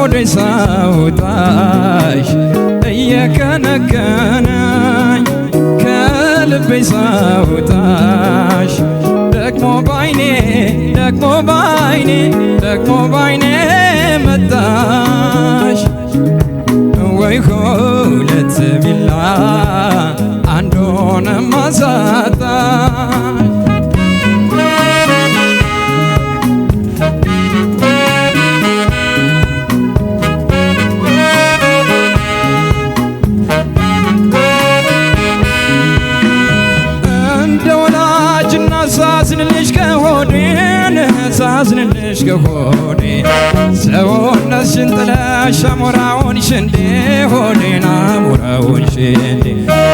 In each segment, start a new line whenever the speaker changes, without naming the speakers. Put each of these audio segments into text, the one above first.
ጉድሽ ሳውጣሽ እየከነከነኝ ከልብሽ ሳውጣሽ ደግሞ ባይኔ ደግሞ ባይኔ ደግሞ ባይኔ መጣሽ ወይ ሁለት ቢላ አንድ ሆነ ሳዝንልሽ ከሆዴ ሰውነትሽን ጥለሽ አሞራውን ሽንዴ ሆዴን አሞራውን ሽንዴ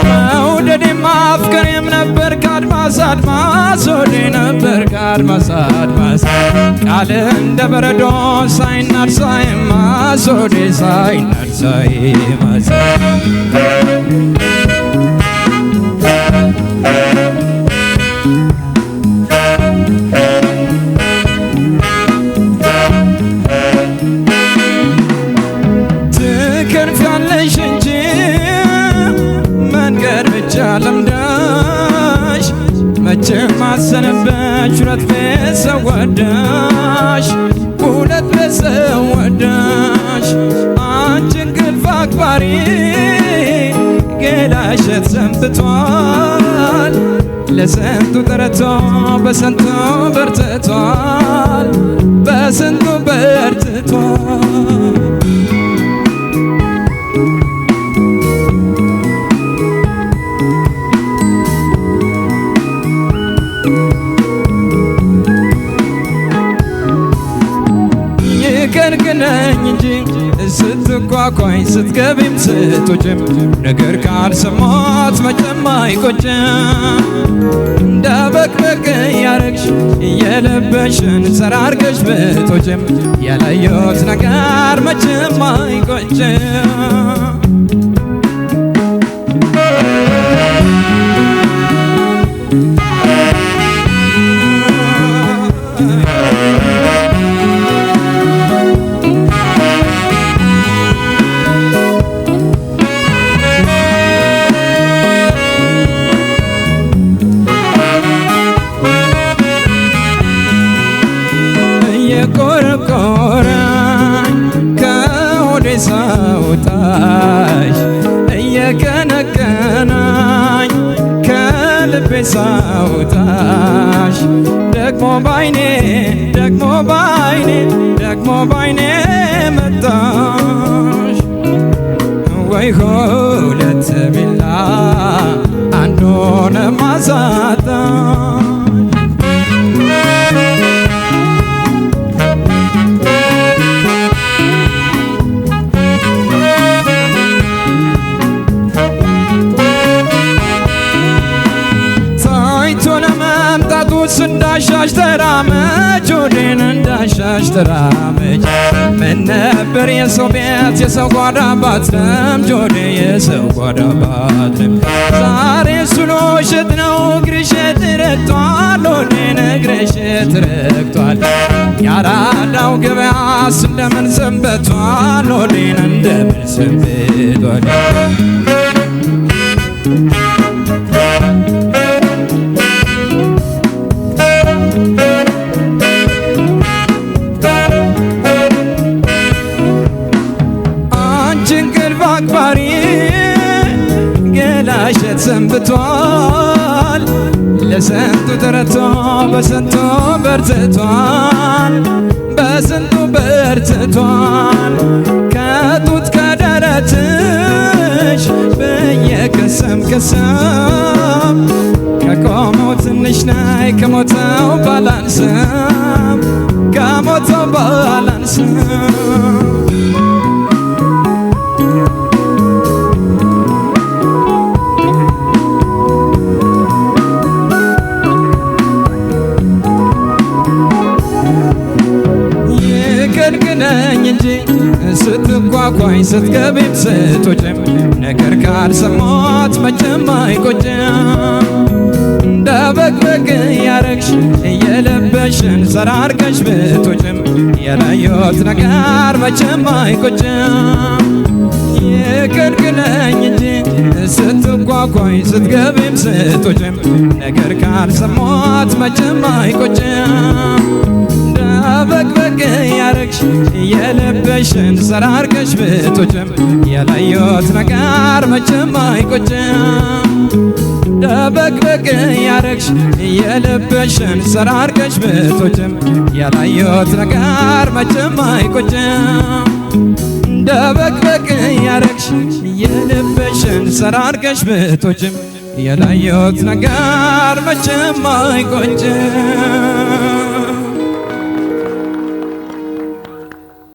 መውደዴም አፍቅሬም ነበር ከአድማስ አድማስ ሆዴ ነበር ከአድማስ አድማስ ቃል እንደ በረዶ ሳይናድ ሳይማስ ሆዴ ሳይናድ ሳይማስ ስማሰንበች ሁለት ቤተሰብ ወዳሽ ሁለት ቤተሰብ ወዳሽ አንቺን ግልፍ አክባሪ ገላሸት ሰንብቷል ለስንቱ ጠረቶ በስንቱ በርትቷል በስንቱ በርት አታንኳኳኝ ስትገቢም ስትውጭም ነገር ካልሰማት መቼም አይቆጭም እንደ በቅበቅ እያረግሽ እየለበሽን ሰራርገሽ ብትውጭም ያላየሁት ነገር መቼም አይቆጭም አወጣሽ ደግሞ ባይኔ ደግሞ ባይኔ ደግሞ ባይኔ መጣሽ ወይ ሁለት ቢላ አንዱን እንዳሻሽ ተራመጅ ወዴን እንዳሻሽ ተራመጅ ምን ነበር የሰው ቤት የሰው ጓዳ ባትረምጅ ወዴ የሰው ጓዳ ባትረምጅ ዛሬ ሱኖ ሸት ነው እግርሽ ትረግቷል ወዴን እግርሽ ትረግቷል ያራዳው ገበያስ እንደምን ሰንበቷል ወዴን እንደምን ሰንበቷል ሰንብቷል፣ ለስንቱ ተረቶ በስንቱ በርትቷል፣ በስንቱ በርትቷል። ከጡት ከደረትሽ በየቅስም ቅስም ከቆመው ትንሽ ናይ ከሞተው ባላንስም ከሞተው ባላንስም ሰምቶኝ ስትገቢም ስትወጪም ነገር ካልሰማት መቼም አይቆጭም። እንደ በግበግ እያረግሽ እየለበሽን ሰራርገሽ ብትወጪም የላየሁት ነገር መቼም አይቆጭም። ይቅር እንጂ ስትጓጓኝ ስትገቢም ስትወጪም ነገር ካልሰማት መቼም አይቆጭም። በቅበቅ ያረግሽ የለበሽን ሰራርከሽ ብትወጭም የለየሁት ነገር መቼም አይቆጭም። በቅበቅ ያረግሽ የለበሽን ሰራርከሽ ብትወጭም የለየሁት ነገር መቼም አይቆጭም። በቅበቅ ያረግሽ የለበሽን ሰራርከሽ ብትወጭም የለየሁት ነገር መቼም አይቆጭም።